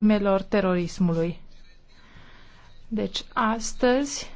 victimelor terorismului. Deci, astăzi,